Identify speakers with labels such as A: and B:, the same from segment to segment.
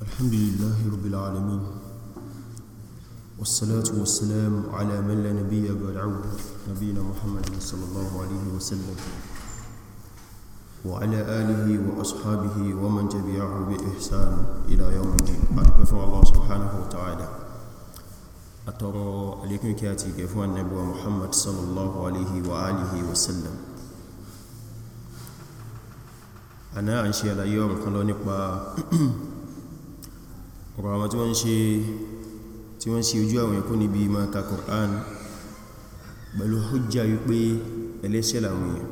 A: الحمد لله رب العالمين والصلاة والسلام على من لا نبي بعده نبينا محمد صلى الله عليه وسلم وعلى آله وأصحابه ومن تبعه بإحسان إلى يوم الدين أكبر الله سبحانه وتعالى أترى عليكم كاتي كفوان نبوة محمد صلى الله عليه وآله وسلم أنا أنشي على يوم خلوني ọ̀rọ̀ àwọn tí wọ́n ṣe tí wọ́n ṣe ojú àwọn ẹ̀kọ́ níbi ma ka Qur'an pẹ̀lú hujja wípé ẹlẹ́ṣẹ̀ làwọn èèyàn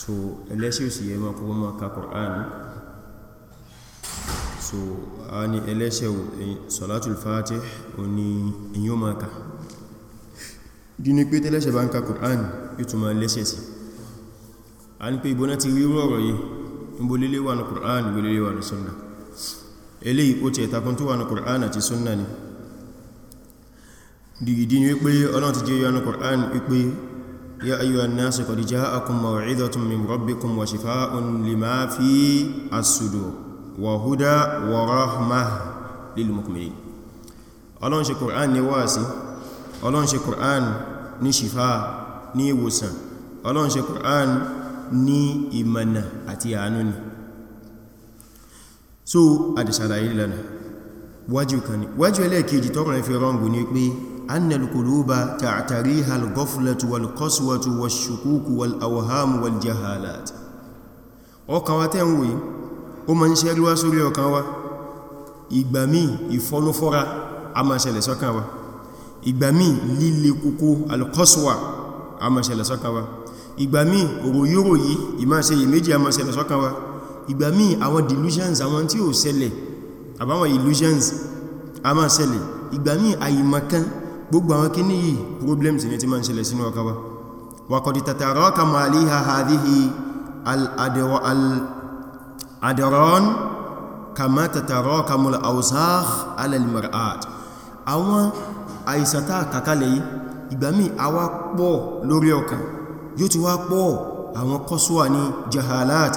A: so ẹlẹ́ṣẹ̀ òsì yẹ máa kọ́kọ́ máa ka Qur'an so a ní ẹlẹ́ṣẹ̀ Salatul Fatih o ní èyàn máa ka dí ní pé tẹ́lẹ́ṣẹ̀ bá ń ka Qur'an yóò tún máa lẹ́ṣẹ̀ sí a ní pé ìbọ́nà ti rí ọ̀rọ̀ yìí Qur'an bolélé wà ní Sunnah eléyìí ó ti ẹ̀takun tó wà ní Kùránì àti súnnà ni dìgidì ni wípé Ọlọ́run ti jẹ́ yọ ní Kùránì wípé ya ayyuhan nasu qad ja'akum maw'izatun min rabbikum wa shifa'un lima fi as-sudur wa huda wa rahmah lil mu'minin Ọlọ́run ṣe ni so àdìsàlàyé lẹ́nà wájú kan ní wájú ẹlẹ́ẹ̀kejì tọ́rọ fi rọ́ngù ní pé annal quluba ta'tariha al-ghaflatu wal qaswatu wal shukuku wal awhamu wal jahalat ọkàn wa tẹ́ ń wòye ó ma ń ṣe rí wá sórí ọkàn wa ìmáṣe iyèméjì a ma ìgbà míì àwọn delusions àwọn tí ó ṣẹlẹ̀ àbáwọn illusions a máa ṣẹlẹ̀ ìgbà míì àyìmọ̀kan gbogbo àwọn kíní yìí problems ní tí máa ń ṣẹlẹ̀ sínú ọkà wa waqad tataraka ma liha hadhihi al-adran kama tataraka mul awsakh ala al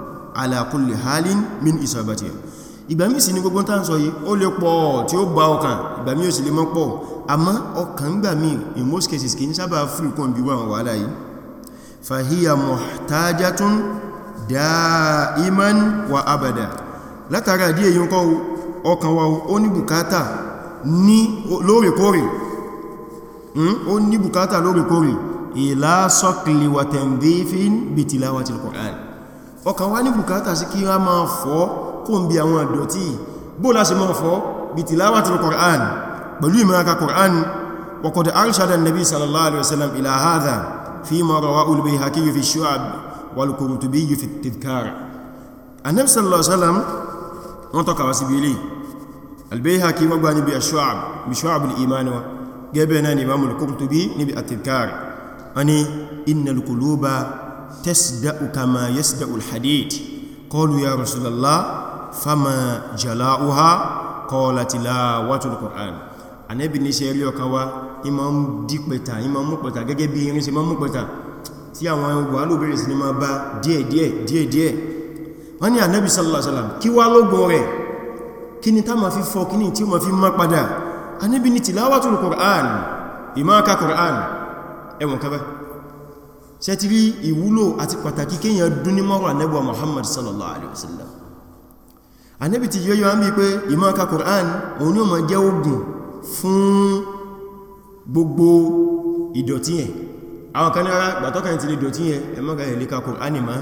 A: ala kulli halin min isabati ìgbàmí sí ní gbogbo tán sọ yìí ó lè pọ̀ tí ó bá ọkàn ìgbàmí ò sì lè mọ́ pọ̀ àmọ́ ọkàn gbàmí in most cases kì ní sábà fúrùkún bí wọ́n wàhálà yìí fàhíyà muhtajatun dáìman wa abada látara díẹ̀ yíò kọ́ ọkàn wa ó ní bùkátà ní lóòrèkóòrè hmm? ó ní bùkátà lóòrèkóòrè ìlà sọ́kìlì ọkàn wá ní bùkátà sí kí a máa fọ́ kó ń bí àwọn àdọ̀tí bó láti máa fọ́ bí tìláwà tí Qur'an pẹ̀lú ìmọ̀raka Qur'an wa qad arshada an-nabi sallallahu alaihi wasallam ila hadha fima تسدأ كما يسدأ الحديد قالوا يا رسول الله فما جلاؤها قال تلاوة القرآن Ànábì ní ṣe rí ọkàn wa ìmọ̀ ń dí pẹ̀tà ìmọ̀ mú pẹ̀tà gẹ́gẹ́ bí irin ṣe mọ́ mú pẹ̀tà tí àwọn wàhálò bẹ̀rẹ̀ sí ni máa bá díẹ̀díẹ̀ díẹ̀díẹ̀ wọ́n ní Ànábì sallallahu alaihi wasallam kí wá lógún rẹ̀ kí ni tá ma fi fọ́ kí ni tí ó ṣe ti rí ìwúlò àti pàtàkì kíyàn dún ní mọ́rọ̀ anẹ́bọ̀ Muhammad sallallahu alaihi wasallam anẹ́bì ti yóò yóò ń bí pé ìmọ́ka Qur'an òun yóò mọ̀ jẹ́ ogun fún gbogbo ìdọ̀tí yẹn àwọn kan rárá gbàtọ́kàn ti lè dọ̀tí yẹn ẹmọ́ka ẹ̀lẹ́ka Qur'an ma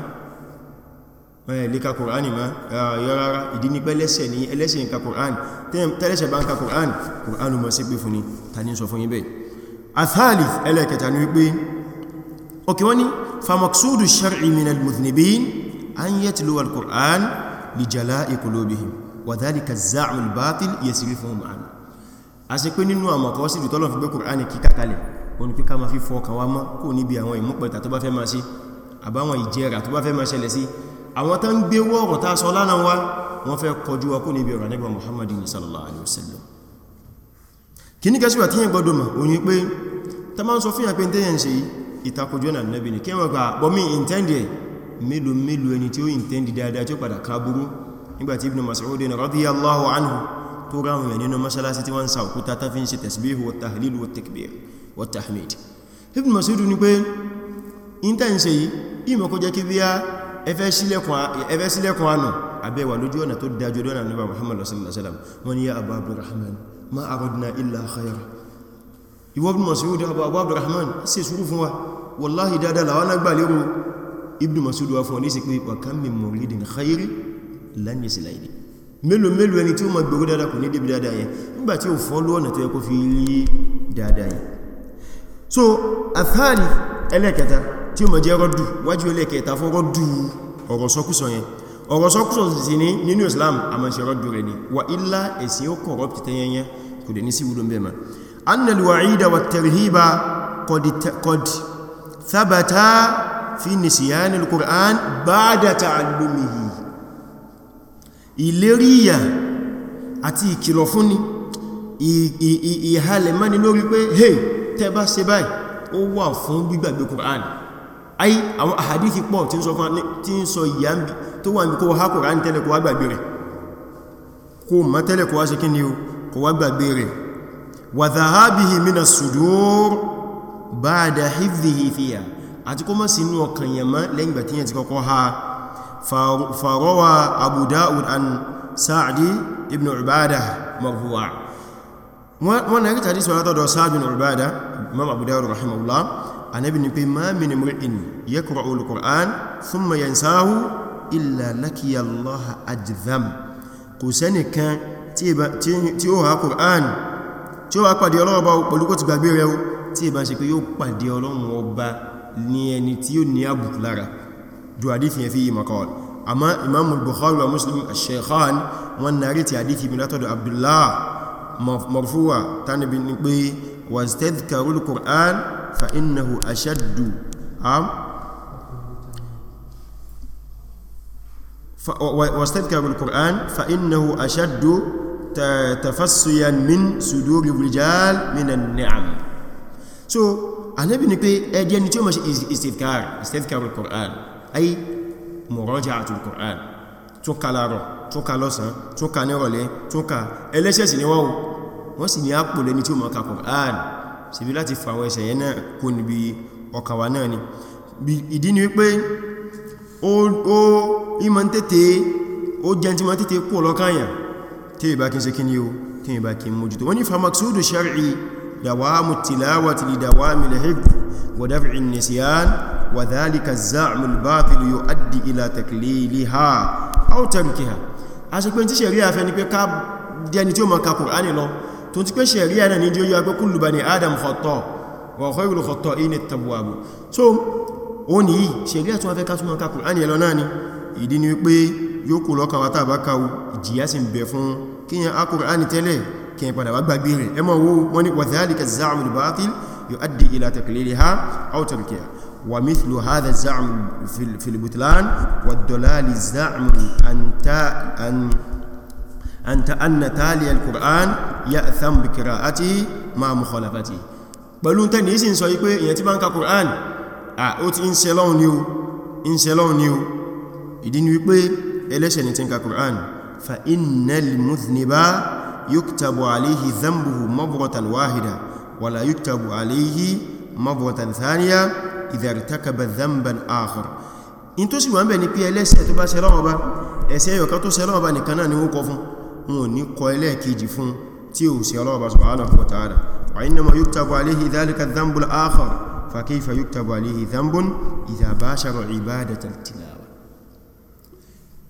A: ẹ̀lẹ́ka Qur'an ma yọ rárá ìdí ní pé ẹlẹ́ṣẹ̀ ní ẹlẹ́ṣẹ̀ ń ka Qur'an tẹ́lẹ́ṣẹ̀ bá ń ka Qur'an Qur'an mọ̀ sí pé fún ni ta ní sọ fún yín bẹ́ẹ̀ athalith ẹlẹ́kẹta ni wípé ok wọ́n ni famaksudu shar'i min al-muthnibin an yatlu al-qur'an li jala'i qulubihim wa dhalika az-za'm al-batil yasrifuhum an a ṣe pé nínú àwọn kọwọ́ sí ìtọ́lọ̀ fi gbé qur'an kí kàkalẹ̀ wọn pé ká ma fi fọkàn wa mọ́ kò níbi àwọn ìmúpẹta tó bá fẹ́ ma ṣe àbáwọn ìjẹra tó bá fẹ́ ma ṣẹlẹ̀ sí àwọn tán gbé wọ́ọ̀rọ̀ tá sọ lánàá wa wọ́n fẹ́ kọjú wa kò níbi ọ̀rọ̀ nígbà muhammadin sallallahu alaihi wasallam kí ní kẹsíwà tí yẹn gbọdọ̀ mọ̀ òyìn ta máa ń sọ fíyàn pé ń tẹ́yẹn ṣe yìí ìtakójú ọ̀nà nẹ́bì ní kíwọ́n pa bọ́mí intendi ẹ̀ mélòó mélòó ẹni tí ó intendi dáadáa tí ó padà kábúrú nígbàtí ibn Mas'ud radiyallahu anhu tó ráhùn ẹ̀ nínú masalasi tí wọ́n sa òkúta ta fi ń ṣe tasbihu wa tahlilu wa takbir wa tahmid ibn Mas'ud ni pé intense yìí ìmọ̀ kó jẹ́ kí bí a ẹfẹ́ sílẹ̀kùn ànà abẹ́wà lójú ọ̀nà tó ma aradna illa khayra ìwọ Ibn Mas'ud Abu Abdurrahman ṣe sùúrù fún wa wallahi dáadáa làwọn nágbà lérò Ibn Mas'ud wa fún ọ ní sí pé wa kam min muridin khayri lan yasila ilayhi mélòó mélòó ẹni tí ó ma gbogbo dáadáa kò ní débi dáadáa yẹn nígbà tí ó fọ́lú ọ̀nà tó yẹ so àfáàrí ẹlẹ́kẹta tí ó ma jẹ́ rọ́dù wájú ẹlẹ́kẹta fún rọ́dù ọ̀rọ̀ sọkúsọ yẹn ọ̀rọ̀ sọkúsọ sì ní nínú Islam a ma ṣe rọ́dù rẹ̀ ni wà أن الوعيد والترهيب قد, قد ثبت في نسيان القرآن بعد تعلمه ìléríyà àti ìkìlọ̀ fúnni ìhàlẹ̀ mẹ́ni lórí pé hey tẹba ṣe báyìí ó wà fún gbígbàgbé Qur'an ayi àwọn àhàdíkì pọ̀ tí ń sọ fún tí ń sọ ìyá ń bí tó wà ní kó wá Qur'an tẹ́lẹ̀ wá gbàgbé rẹ̀ kó mọ́ tẹ́lẹ̀ wá ṣe kí ni o kó wá gbàgbé rẹ̀ وذهابه من السجور بعد حفظه فيها اتكما سنو كان يما لين باتين تكوها فروى ابو داود عن سعد ابن عباده مرفوع وانا قلت حديث هذا سعد بن عباده امام ابو داود رحمه الله عن ابن ما من امرئ يقرا القران ثم ينساه الا لك يا الله اجذم قسنك تي تي هو قران tí ó wá pàdé ọlọ́run ọba pẹ̀lú kó ti gbàgbé rẹ̀ tí ìbá ṣe pé yóò pàdé ọlọ́run ọba ní ẹni tí ó ní àbùkù lára ju àdífì yẹn fi yìí makọ́ àmá imamu bukhari wa muslim sheikhan wọn narí ti àdífì bí látọ̀dọ̀ tafasuyan min sudori rijal minan ni'am so anabi ni pé ẹdí ẹni tí ó ma ṣe istifkar istifkar al-Qur'an ayi muraja'atu al-Qur'an tó ka láàrọ̀ tó ka lọ́sàn tó ka nírọ̀lẹ́ tó ka ẹlẹ́ṣẹ̀sì ni wọ́n wọ́n sì ní àpò lẹ́ni tí ó ma ka Qur'an sì bí láti fàwọn ẹsẹ̀ yẹn náà kó níbi ọkàwà náà ni ìdí ni wípé ó ìmọ̀ tètè ó jẹ́ tí wọ́n tètè kú ọlọ́kàyàn tí ìbá kí n ṣe kí ní o tí ìbá kí n mójútó wọ́n ni famaksudu shari'i dawamu tilawati li dawami lahib wa daf'in nisyan wa dhalika az-za'mu al-batil yu'addi ila takliliha aw tamkiha a ṣe pé tí sharia fẹ́ ni pé ká dẹni tí ó maka Kùránì lọ tó ti pé sharia náà ní jẹ́ yóò pé ìdí ni pé yóò kó lọ́kàn wátà bá káwù ìjìyà sì ń bẹ fún kíyàn akùnrin tẹ́lẹ̀ kíyàn padà wá gbàgbé rẹ̀ ẹmọ owó wọ́n ni wàtàlíkà za'amù al-batil yu'addi ila taqliliha aw tarkiha wa mithlu hadha za'amù fil butlan wa ad-dalali za'amù anta anna tali al-qur'an ya'tham bi qira'ati ma mukhalafati pẹ̀lú tẹ́ni ìsìn sọ wípé èyàn tí bá ka qur'an ó ti ń ṣe lọ́un ni ó ìdí ni eleshe ní tenka Qur'an fa innal mudhniba yuktabu alayhi dhanbuhu mabratan wahida wala yuktabu alayhi mabratan thaniya idha irtakaba dhanban akhar into bẹ̀ ní pé ẹlẹ́ṣẹ̀ tó bá ṣe lọ́wọ́ ṣe lọ́wọ́ bá nìkan náà ni pe eleshe to kọ ron ba wọn yo to se ron ba ni ẹlẹ́ẹ̀kejì fún tí ó ṣe lọ́wọ́ ron ba subhanahu wa ta'ala wa innama yuktabu alayhi dhalika dhanbul akhar fa kayfa yuktabu alayhi dhanbun idha bashara ibadata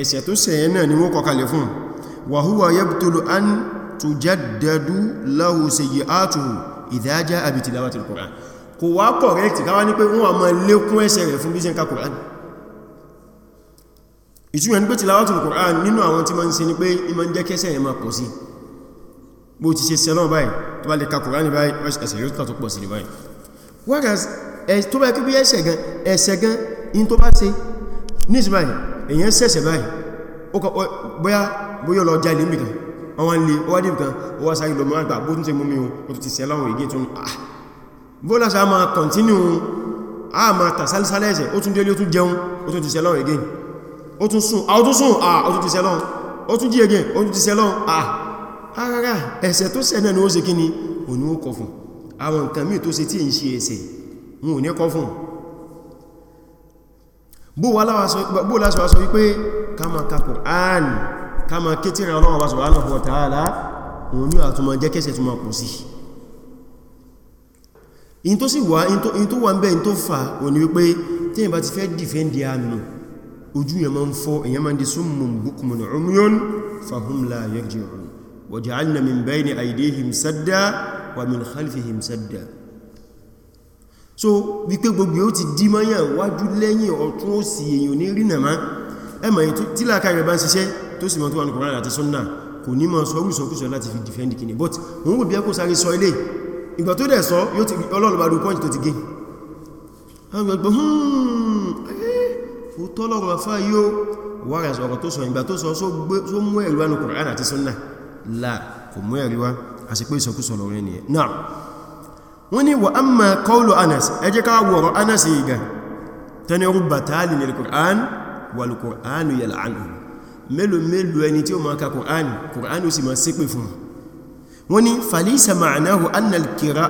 A: ẹ̀ṣẹ̀ tó ṣẹ̀yẹn náà ni wọ́n kọkalẹ̀ fún wa huwa yabtulu an tujaddadu lahu sayyi'atuhu idha ja'a bi tilawatil Qur'an kò wá correct káwá ní pé wọ́n máa lékún ẹ̀ṣẹ̀ rẹ̀ fún bí ṣe ń ka Qur'an ìtumọ̀ ní pé tilawatil Qur'an nínú àwọn tí ma ń ṣe ni pé ìmọ̀ ń jẹ́ kẹ́ṣẹ̀ yẹn máa pọ̀ sí bó ti ṣe sẹ́lọ́n báyìí tó bá lè ní ìsìnbáyìí èyàn sẹ́sẹ̀ báyìí bóyá bóyá lọ jalè nìkan wọ́n lè wádìí nìkan ó wá sáré lọ́mọ́ àgbà bó tún tẹ múmi o tó ti sẹ́ láwọn ìgé tún ah bóla sá máa kọ̀ntínú a máa tà sálẹ́sẹ̀ ó tún délé ó tún jẹun ó tún ti sẹ́ láwọn ìgé ó tún sùn ah ó tún ah ó tún ti sẹ́ láwọn ó tún jí ẹgẹ́ ó tún ti sẹ́ ah rárá ẹ̀ṣẹ̀ tó sẹ́ náà ni ó ṣe kí ni òun ó kọ fún àwọn nǹkan míì tó ṣe bó lásìwá sọ wípé kama ka Qur'an kama kétíra ọlọ́wọ́ bá subhanahu wa ta'ala òun ní àtúmọ̀ jẹ́ kẹsẹ̀ túnmọ̀ kù sí in tó sì wá in tó wà ń bẹ́ in tó fà ò ní wípé tí ìbá ti fẹ́ dìfẹ́ndì àmì ojú yẹn ma ń fọ́ èyàn ma ń di summun bukmun umyun fahum so wípé gbogbo ó ti dí mọ́yàn wájú lẹ́yìn ọ̀tún òsì èyàn ní rínà má ẹmọ̀ èyí tí láàká rẹ̀ bá ń ṣiṣẹ́ tó sì mọ̀ tó wà ní Kùránì àti Sunnah kò ní mọ̀ sọ wùsọkúsọ láti fi defend kìíní but òun kò bí ẹkùn sáré sọ ilé ìgbà tó dẹ̀ sọ yóò ti Ọlọ́run bá du point tó ti gé àwọn hmm, eh, ìgbà wọ́n ni wa amma qawlu anas ẹjẹ́ ká wọ̀rọ̀ anas yìí gan tani rubba tali lil qur'an wal qur'anu yal'anu mélòó mélòó ẹni tí ó ma ka qur'an qur'an ó sì ma ṣépè fún wọ́n ni falisa ma'anahu annal kira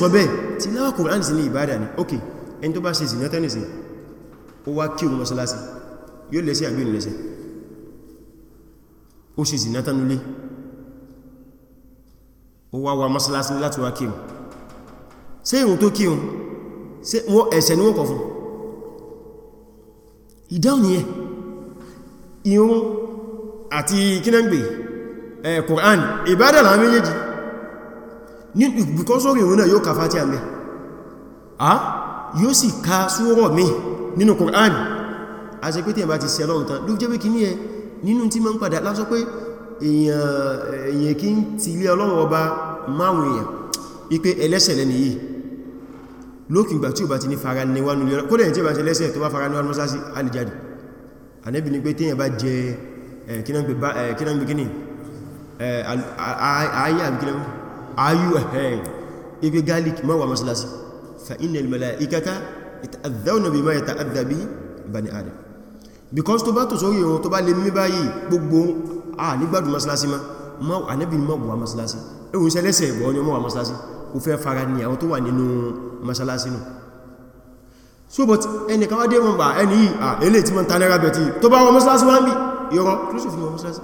A: sọ bẹ́ẹ̀ tilawa qur'an sí ní ibada ni okay ẹni tó bá ṣe ìsìn nátẹ́nìsìn ó wá kí òun mọ́sálásí yóò lẹ́sẹ̀ àgbé ìrìnlẹ́sẹ̀ ó ṣe ìsìn nátẹ́nulé ó wá wá mọ́sálásí láti wá kí òun ṣe ìrùn tó kí òun ẹ̀ṣẹ̀ ni wọ́n kọ̀ fún Qur'an ìbádà láàrin méjèèjì ní ìbùkọ́sórí ìrun náà yóò kàfà tí yóò sì ká súwọ́rọ̀ mi nínú Qur'an a ṣe pé tí ẹ bá ti ṣe lọ́rùn tán ló jẹ́ pé kí ní ẹ nínú tí ma ń padà lásọ pé èyàn kí ń ti ilé ọlọ́rọ̀ ọba máwùn èyàn ipé ẹlẹ́ṣẹ̀ lẹ́ni yìí lókìngbà tí ó bá ti ní fara níwánú ayu kó dẹ̀ galik ó bá mọ́wàá mọ́sálásí فإن الملائكة يتأذون بما يتأذى به بني آدم because tó bá tó sórí ìrun tó bá lè mí báyìí gbogbo à nígbàdùn masalasi ma anẹ́bìn ma wà masalasi ẹ̀rùn iṣẹ́ lẹ́sẹ̀ ìbọn ni wọ́n wà masalasi ó fẹ́ fara ní àwọn tó wà nínú masalasi nù so but ẹni káwà dé mọ́bà ẹni yìí à ilé tí mọ́n tanẹ́ra bẹ̀ tí tó bá wọ masalasi wọ́n bí yọrọ kílósòfin wọ masalasi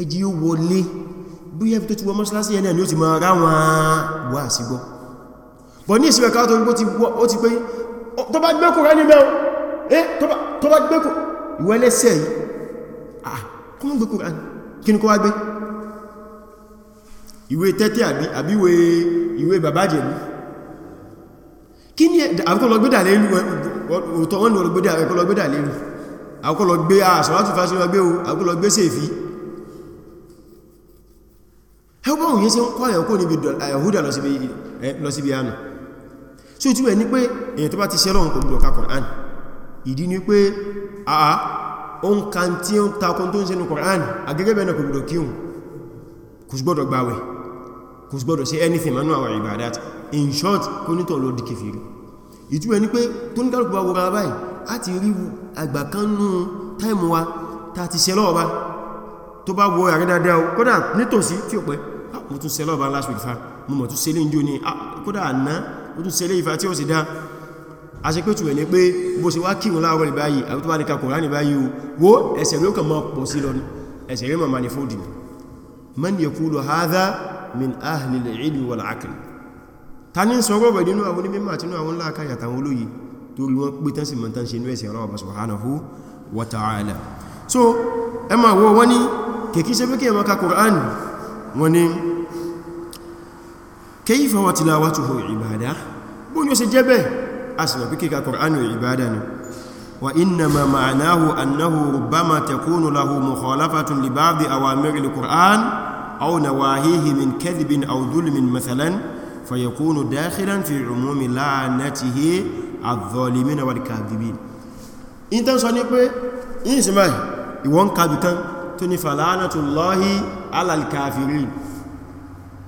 A: ẹjí ó wọlé bí yẹ́ tó ti wọ masalasi ẹni ẹni ó ti máa ráwọn wà sí gbọ́ bọ̀ ní ìsìnkà tó gbó ti pé tó bá gbé Kùránì mẹ́rin eh tó bá gbé ìwẹ́lẹ́sẹ̀ yìí ah kún gbé Kùránì kí ni kó wá gbé ìwé tẹ́tẹ́ àbí ìwé bàbájẹ̀ ní kí ni àkọlọgbẹ́dà lérú ọ̀tọ̀ wọn ni ọlọgbẹ́dà àkọlọgbẹ́dà lérú àkọlọgbẹ́ àṣọ́wátù fásitì àkọlọgbẹ́ sèfí ẹgbọ́n òyìn sí ń kọ́ ẹ̀kọ́ níbi àyàhúdà lọ síbi àná so tí wẹ̀ ní pé èyàn tó bá ti sẹ́lọ́run kò gbọ́dọ̀ ka Qur'an ìdí ni pé àà o ń ka tí ó ń takun tó ń sẹ́nu Qur'an agẹ́gẹ́ bẹ̀rẹ̀ kò kò gbọ́dọ̀ gbàwẹ̀ kò gbọ́dọ̀ sí anything manu àwọn ibadat in short kó nítọ̀ lọ di kèfèrí ìtú ẹni pé tó ń dárùkú wọ́n ra báyìí wa ta ti sẹ́lọ́ ọba tó bá wọ àrí dáadáa kódà nítòsí tí ó pẹ́ ah, mo tún sẹ́lọ́ ọba ó tún ṣẹlẹ̀ ìfà tí ó sì dá a ṣe pé tù ẹ̀ ní pé bó ṣe wá kírun láàárọ̀ ìbáyìí àbí tó bá ní ka Kùránì báyìí o wo ẹ̀ṣẹ̀ ló kàn mọ́ pọ̀ sí lọ ẹ̀ṣẹ̀ rí mọ̀ manifolding man yaqulu hadha min ahli al-ilm wal ta ní sọ̀rọ̀ rẹ̀ nínú àwọn onímọ̀ so ẹ ma wo wọ́n ni kèkí ṣe pé kí kayfa wa tilawatuhu ìbádá bó ní ó sì jẹ́bẹ̀ a sì rọ̀ píkẹ́ kọ̀ránù ìbádá ni wa innama ma'anahu annahu rubbama takunu lahu mukhalafatun li ba'di awamiri al-qur'an aw nawahihi min kadhibin aw dhulmin mathalan fayakunu dakhilan fi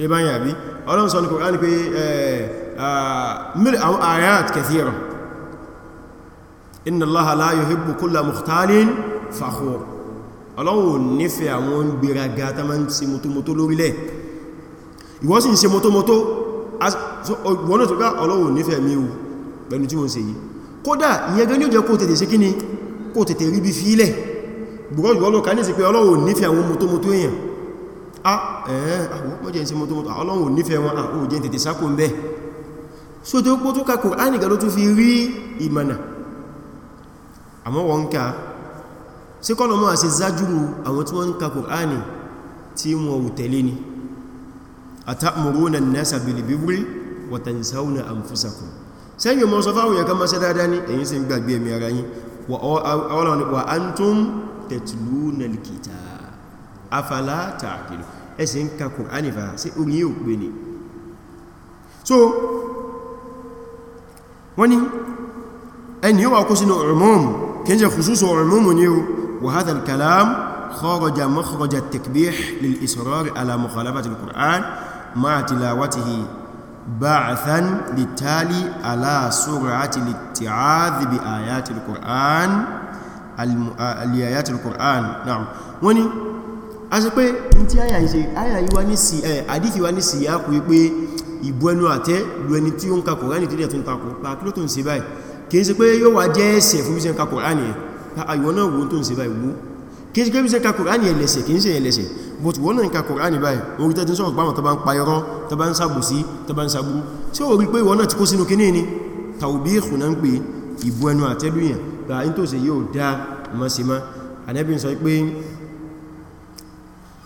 A: ṣe bá yà bí ọlọ́run sọ ní Kùránì pé mílì àwọn ayat kathira inna Allaha la yuhibbu kulla mukhtalin fakhur ọlọ́run nífẹ̀ẹ́ àwọn gbéraga tá ma ń ṣe mọ́tọ́mọ́tọ́ lórílẹ̀ ìwọ sì ń ṣe mọ́tọ́mọ́tọ́ wọ́n tó gbá ọlọ́run nífẹ̀ẹ́ mi pẹ̀lú tí sí kọ́lọ̀ mọ́ àti zájúrú àwọn tí wọ́n ń ka Kùránì tí wọ́n wù tẹ̀lé ni atamuruna an-nasa bil-birri wa tansawna anfusakum sẹ́yìn mọ́ sọ fáwọn yẹ̀kan mọ́sẹ́ dáadáa ní ẹ̀yin sì ń gbàgbé ẹ̀mí ara yín wa antum tatluna na kitab afala ta'qilu ẹ̀sìn ka Qur'an fa sí orí yóò pé ni so wọ́n ni ẹni yóò wà kó sínú umum kí n jẹ khususu umum ni o wa hadha al-kalam kharaja makhraja at-takbih lil-israr ala mukhalafati al-Qur'an ma'a tilawatihi ba'than litali ala sur'ati al-itti'adh bi ayati al-Qur'an al-ayati al-Qur'an na'am wani a ṣe pé n tí àyà ìṣe àyà ìwá ní sí ẹ̀ àdífì wá ní sí yá kú wípé ìbú ẹnu àtẹ́ lu ẹni tí ó ń ka Kùránì tó dẹ̀ tó ń takò pa kí ló tó ń ṣe báyìí kìí ṣe pé yóò wá jẹ́ ẹ̀ṣẹ̀ fún bí ṣe ń ka Kùránì ẹ̀ àìwọ̀n náà wo tó ń ṣe báyìí wo kìí ṣe pé bí ṣe ń ka Kùránì but wọ́n náà ń ka Kùránì báyìí orí tẹ́ ti sọ̀rọ̀ pàwọn tó bá ń pa irọ́ tó bá ń ni tàbí ìkùnà ń pè ìbú ẹnu àtẹ́lúyàn gbà ní tó ṣe yóò dá mọ́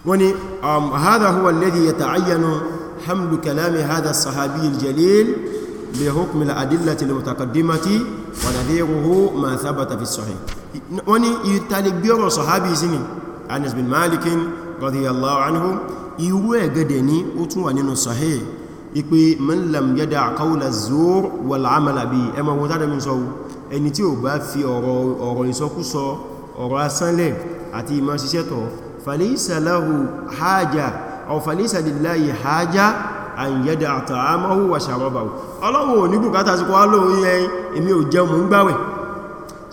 A: وني um, هذا هو الذي يتعين حمل كلام هذا الصحابي الجليل لحكم الأدلة المتقدمة ونذيره ما ثبت في الصحيح وني يتلقبير صحابي سني أنس بن مالك رضي الله عنه يوى قدني أتوى نينو الصحيح يقول من لم يدع قول الزور والعمل به أما هو هذا من سو أني تيوبا في أورو إسوكو سو أورو أسان لي أتي ما سيسيتو falaysa lahu haja aw falaysa lillahi haja an yada'a ta'amahu wa sharabahu ọlọ́run ò ní bùkátà sí kọ́ lóòrùn yẹn èmi ò jẹun mú ń gbáwẹ̀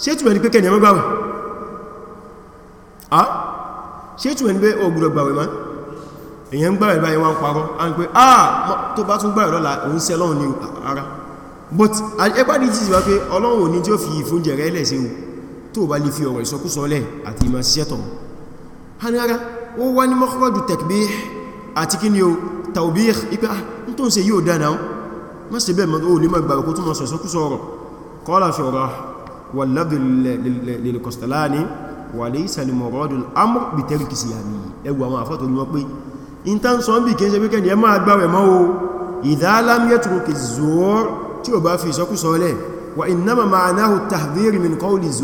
A: ṣé túnmẹ̀ ní pé kẹ́ni ẹmọ́ gbáwẹ̀ ah ṣé túnmẹ̀ ní pé ògùrọ̀ gbáwẹ̀ máa èyàn ń gbàrẹ̀ báyìí wọ́n parọ́ a ń pè àà tó bá tún gbàrẹ̀ lọ́la òun sẹ́ lọ́wọ́ ara but ẹgbà ní títí wá pé ọlọ́run ní tí ó fi ìfúnjẹ̀rẹ́ lẹ̀ sí tó bá lè fi ọ̀rọ̀ ìsọkúsọ lẹ̀ àti ìmọ̀ síṣẹ́tọ̀ hanara ó wá ní mọ́kànlọ́dù takbih àti kí ni o taubih ipé ah n tó ń ṣe yíò dáná má ṣe bẹ́ẹ̀ mọ́ olè mọ́ ìgbàrẹ̀ kó tún mọ́ sọ̀sọ́kú sọ̀rọ̀ qala fi ọ̀rọ̀ wà lábdù lil-Qastalani wa laysa al-muradu al-amru bi tarki siyami ẹgbù àwọn àfọ́tò ní wọ́n pé in tán sọ ń bí kí n ṣe pé kẹ́ni ẹ máa gbàwẹ̀ mọ́ o idha lam yatruki az-zur tí ò bá fi ìsọkúsọ lẹ̀ wa innama ma'nahu at min qawli az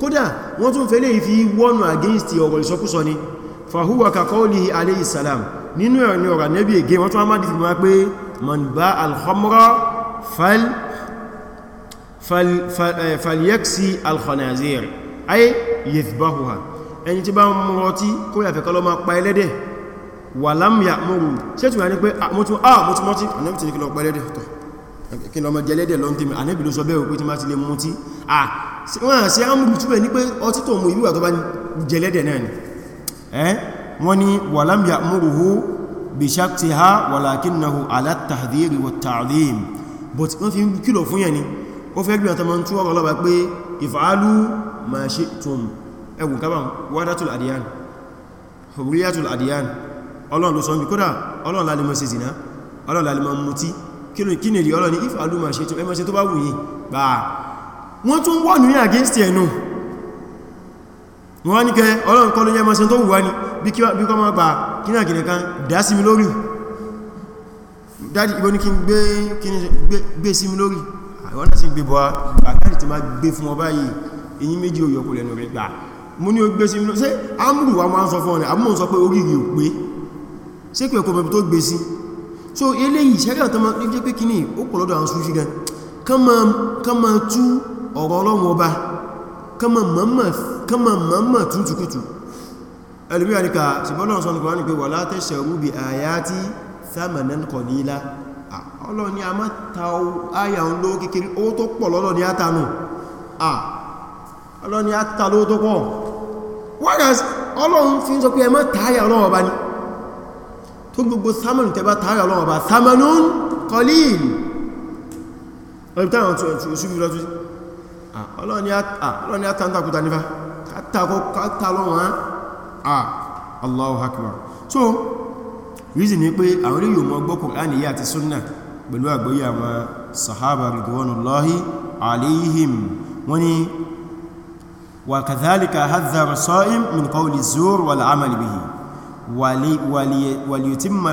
A: kódà wọ́n tún fẹ́lẹ̀ fi wọ́nù against ọ̀rọ̀ ìsọkúsọ ni fahuwa kakọ́ọ̀lì alayhi salam nínú ẹ̀rọ ọ̀rọ̀ nẹ́bí ègé wọ́n tún á máa dìtìmọ̀ pé man bá alhamra fal eh, falyeksi alkhanazir ay yithbahuha ẹni tí bá ń mú ọtí kó yàfẹ́ kọ́ lọ máa pa ẹlẹ́dẹ̀ wà lámìyà mọ́rù ṣẹ́tùmọ̀ ní pé mọ́tún ah mọ́tún ah, mọ́tí ànẹ́bì tí ní kí wọ́n à sí ámùrù túnbẹ̀ ní pé ọtí tó mú ìlú àtọ́bá jẹlẹ́dẹ̀ náà ni ẹ́ wọ́n ni walam ya'muruhu bi shaqqiha walakinahu ala at-tahdhiri wat-ta'dhim but wọ́n fi kílọ̀ fún yẹn ni ó fẹ́ gbìyànta ma ń túwọ́ ọlọ́ba pé if'alu ma shi'tum ẹwù kábà wadatul adiyan hubriyatul adiyan ọlọ́run ló sọ bí kódà ọlọ́run lálẹ́ mọ́ sí zina ọlọ́run lálẹ́ mọ́ mutí kí ni wọ́n tún wà ní against ẹ̀nù wọ́n ní kẹ ọlọ́run kọ́ ló yẹ mọ́sán tó wùwá ní bí kọ́ máa bà kí náà gìnà kan dá sí mi lórí dájí ìbọn ní kí n gbé sí mi lórí àwọn náà sí gbé bọ́ àkáàdì ti máa gbé fún ọba yìí èyí méjì òyọkù lẹ́nu rẹ̀ gbà mú ní ó gbé sí mi lórí ṣé ámùrù wa máa ń sọ fún ọ̀nà àmúhùn sọ pé orí rí ò pé ṣé pé ọkọ̀ mẹ́bí tó gbé sí so eléyìí ṣẹ́gà tó máa ní jẹ́ pé kíní ó pọ̀lọ́dọ̀ àwọn sùn ṣígan kán máa tú ọ̀rọ̀ ọlọ́run ọba kama mọ́mọ̀ tútùkútù ẹlùmí àríkà ṣìbọ́lọ́run sọ nìkan pé wà látẹ́ṣẹ̀rú bí àyàtí thamanan qalila ọlọ́run ni a má ta áyà ń ló kékeré owó tó pọ̀ lọ́lọ́ ni a ta nù ọlọ́run ni a ta lówó tó pọ̀ whereas ọlọ́run fi ń sọ pé ẹ má ta áyà ọlọ́run ọba ni tó gbogbo saman tẹba ta áyà ọlọ́run ọba samanun qalil ọlọ́run ọlọ́ni àtàntàkùtà nífà kátà lọ́wọ́n ah Allahu Akbar so reason ni pé àwọn oríyìn mọ́ gbọ́ Kùránì yà àti súnnà pẹ̀lú àgbóyà àwọn sahaba ridwanullahi alayhim wani wa kadhalika hadhara sa'im min qawli zur wal amali bihi wa liyutimma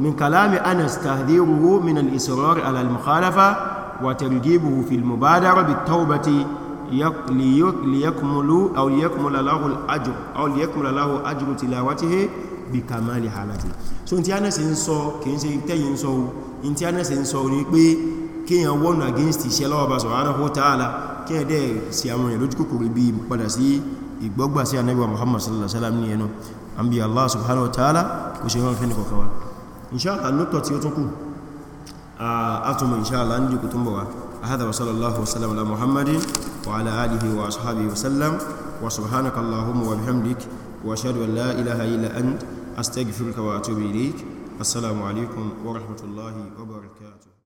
A: من كلام أنس تهذيره من الإصرار على المخالفة وترجيبه في المبادرة بالتوبة ليكمل أو ليكمل له الأجر أو ليكمل له أجر تلاوته بكمال حالته so nti Anas ń sọ kì í ṣe tẹ́yìn ń sọ o nti Anas ń sọ ni pé kéèyàn wọ́n against iṣẹ́ lọ́wọ́ bá subhanahu wa ta'ala kéèyàn dẹ̀ sí àwọn èèyàn lójú kòkòrò bí padà sí ìgbọ́gbà sí Ànábì wa Muhammad sallallahu alaihi wasallam ní ẹnu àbí Allah subhanahu wa ta'ala kò ṣe wọ́n fẹ́ nìkọ̀kọ̀wàá inshallah nukta tí ó tún kù a tún inshallah ní kò tún bọ̀ wá a hada wa sallallahu wasallam ala muhammadin wa ala alihi wa ashabihi wa sallam wa subhanaka allahumma wa bihamdik wa ashhadu an la ilaha illa ant astaghfiruka wa atubu ilayk assalamu alaikum wa rahmatullahi wa barakatuh